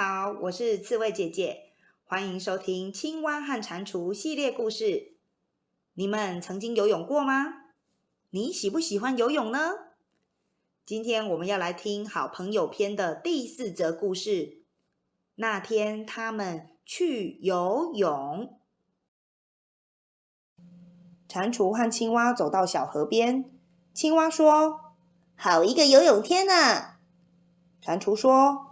好，我是刺蝟姐姐，歡迎收聽《青蛙和蟾蜍》系列故事。你們曾經游泳過嗎？你喜不喜歡游泳呢？今天我們要來聽《好朋友篇》的第四則故事。那天他們去游泳，蟾蜍和青蛙走到小河邊。青蛙說：“好一個游泳天吶、啊！”蟾蜍說。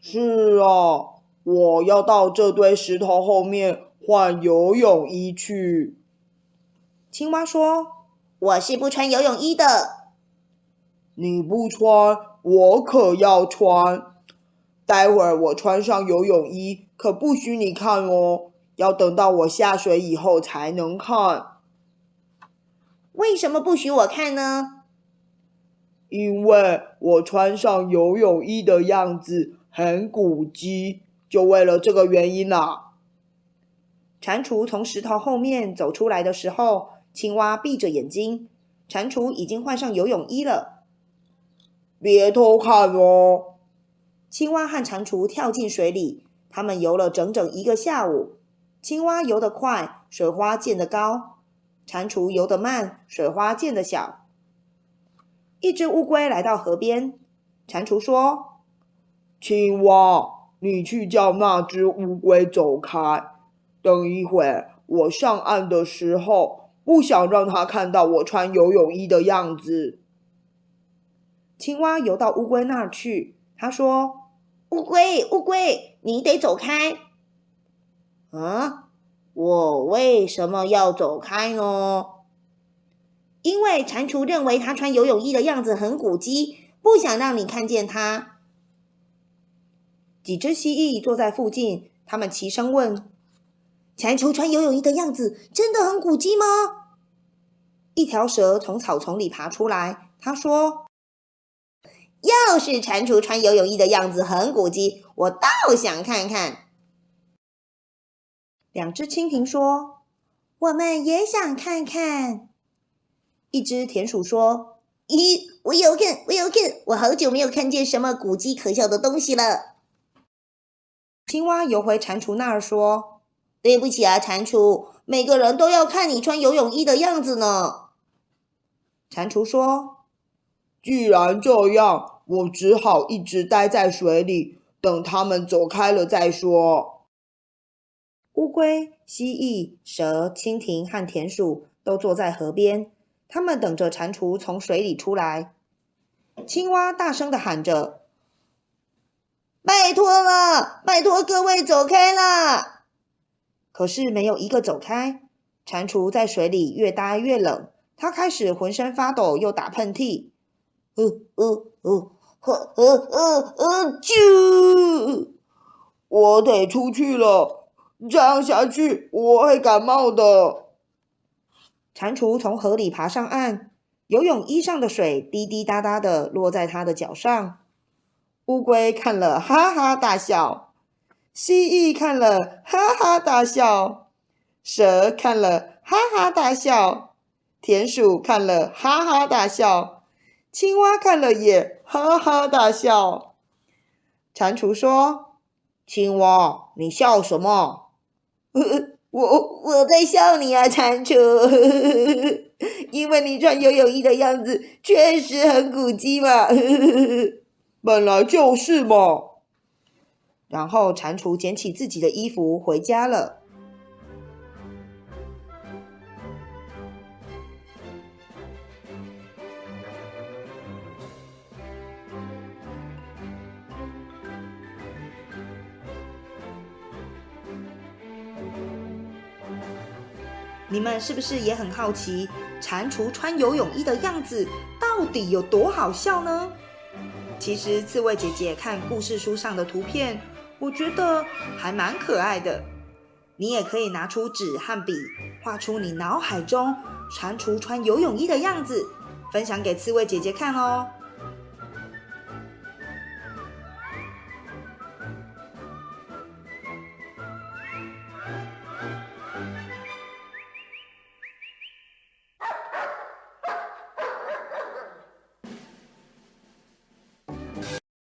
是啊，我要到這堆石頭後面換游泳衣去。青蛙說：“我是不穿游泳衣的。”你不穿，我可要穿。待會兒我穿上游泳衣，可不許你看哦，要等到我下水以後才能看。為什麼不許我看呢？因為我穿上游泳衣的樣子。很古跡，就為了這個原因啦、啊。蟾蜍從石頭後面走出來的時候，青蛙閉着眼睛。蟾蜍已經換上游泳衣了，別偷看哦。青蛙和蟾蜍跳進水裡，他們游了整整一個下午。青蛙游得快，水花濺得高；蟾蜍游得慢，水花濺得小。一隻烏龜來到河邊，蟾蜍說。青蛙，你去叫那隻烏龜走開。等一會兒，我上岸的時候，不想讓它看到我穿游泳衣的樣子。青蛙游到烏龜那兒去，他說：“烏龜，烏龜，你得走開。”啊，我為什麼要走開呢？因為蟾蜍認為他穿游泳衣的樣子很古蹟，不想讓你看見他。幾隻蜥蜴坐在附近，他們齊聲問：“蟾蜍穿游泳衣的樣子真的很滑稽嗎？”一條蛇從草叢裡爬出來，他說：“要是蟾蜍穿游泳衣的樣子很滑稽，我倒想看看。”兩隻蜻蜓說：“我們也想看看。”一隻田鼠說：“咦， 我有看，我有看，我好久沒有看見什麼滑稽可笑的東西了。”青蛙游回蟾蜍那兒說：“對不起啊，蟾蜍，每個人都要看你穿游泳衣的樣子呢。”蟾蜍說：“既然這樣，我只好一直待在水裡，等他們走開了再說。”烏龜、蜥蜴、蛇、蜻蜓和田鼠都坐在河邊，他們等着蟾蜍從水裡出來。青蛙大聲的喊着。拜託了，拜託各位走開啦！可是沒有一個走開。蟾蜍在水裡越呆越冷，他開始渾身發抖，又打噴嚏。呃呃呃，呃呃呃呃，啾！我得出去了，這樣下去我會感冒的。蟾蜍從河裡爬上岸，游泳衣上的水滴滴答答的落在他的腳上。烏龜看了哈哈大笑，蜥蜴看了哈哈，看了哈哈大笑，蛇看了哈哈大笑，田鼠看了哈哈大笑，青蛙看了也哈哈大笑。蟾蜍說：“青蛙，你笑什麼？”“我我在笑你啊，蟾蜍。 ”“因為你穿游泳衣的樣子確實很古蹟嘛。 ”本來就是嘛。然後蟾蜍撿起自己的衣服回家了。你們是不是也很好奇，蟾蜍穿游泳衣的樣子到底有多好笑呢？其實刺蝟姐姐看故事書上的圖片，我覺得還蠻可愛的。你也可以拿出紙和筆，畫出你腦海中蟾蜍穿游泳衣的樣子，分享給刺蝟姐姐看哦。